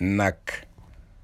nag